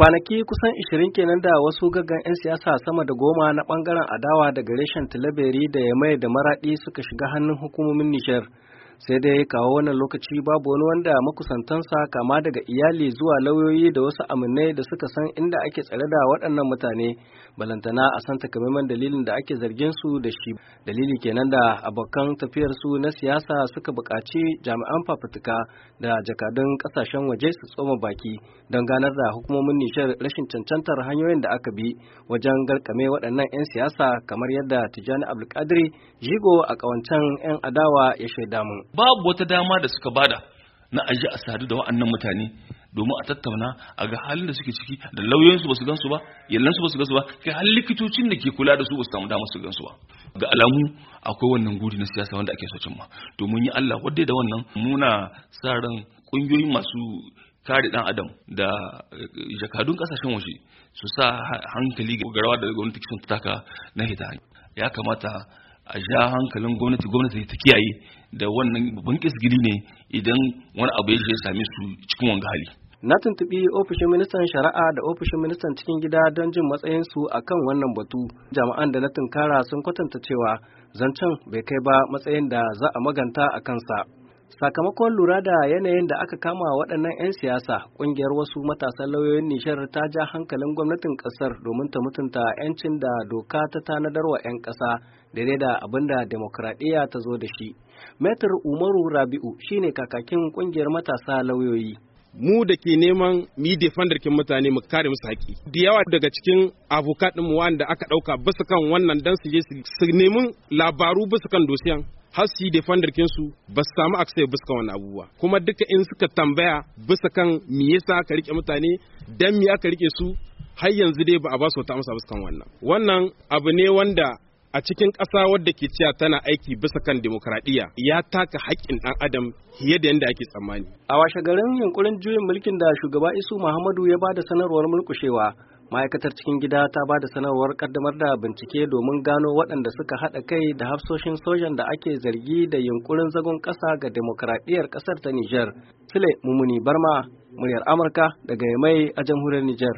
kwanaki kusan 20 kenan da wasu gaggan 'yan siyasa sama da goma na bangaren adawa daga reshen tilaberi da ya mai da maraɗi suka shiga hannun hukumomin nishar sai dai kawo wannan lokaci babu wani wanda makusantansa kama daga iyali zuwa lauyoyi da wasu aminai da suka san inda ake tsare da waɗannan mutane balantana a san takamaiman dalilin da ake zargin su da shi dalili kenan da abokan tafiyar su na siyasa suka buƙaci jami'an fafutuka da jakadun kasashen waje su tsoma baki don ganar da hukumomin nishar rashin cancantar hanyoyin da aka bi wajen garkame waɗannan 'yan siyasa kamar yadda tijani abdulkadiri jigo a ƙawancen 'yan adawa ya shaida mu. babu wata dama da suka bada na aji a sadu da wa'annan mutane domin a tattauna a ga halin da suke ciki da lauyoyinsu ba su gansu ba su ba su gansu ba kai har likitocin da ke kula da su ba su samu dama su gansu ba ga alamu akwai wannan guri na siyasa wanda ake so cimma domin yi Allah wadda da wannan muna sa ran kungiyoyi masu kare dan adam da eh, jakadun kasashen waje su sa hankali ga rawa da gwamnati sun taka na hita ya kamata a sha hankalin gwamnati gwamnati ta kiyaye da wannan babban kisgili ne idan wani abu ya same su cikin wanga hali na tuntubi ofishin ministan shari'a da ofishin ministan cikin gida don jin matsayinsu a kan wannan batu jami'an da na tunkara sun kwatanta cewa zancen bai kai ba matsayin da za a maganta a kansa sakamakon lura da yanayin da aka kama waɗannan 'yan siyasa ƙungiyar wasu matasan lauyoyin nishar ta ja hankalin gwamnatin ƙasar domin ta mutunta 'yancin da doka ta tanadarwa 'yan ƙasa daidai da abin da demokuraɗiyya ta zo da shi metr umaru rabi'u shine kakakin ƙungiyar matasa lauyoyi mu da ke neman mi defender kin mutane mu kare musu haƙi da yawa daga cikin avokat mu wanda aka ɗauka bisa kan wannan dan su je su nemi labaru bisa kan dosiyan har su yi defender kinsu ba su samu access bisa wani abubuwa kuma duka in suka tambaya bisa kan me yasa ka rike mutane dan me aka rike su har yanzu dai ba a ba su wata amsa bisa wannan wannan abu ne wanda a cikin ƙasa wadda ke cewa tana aiki bisa kan demokradiyya ya taka haƙƙin ɗan adam fiye da yadda ake tsammani. A washe garin yunkurin juyin mulkin da shugaba Isu Muhammadu ya ba da sanarwar mulkushewa ma'aikatar cikin gida ta ba da sanarwar kaddamar da bincike domin gano waɗanda suka haɗa kai da hafsoshin sojan da ake zargi da yunkurin zagon ƙasa ga demokradiyyar ƙasar ta Nijar. Sule Mumuni Barma, muryar Amurka daga Yamai a jamhuriyar Nijar.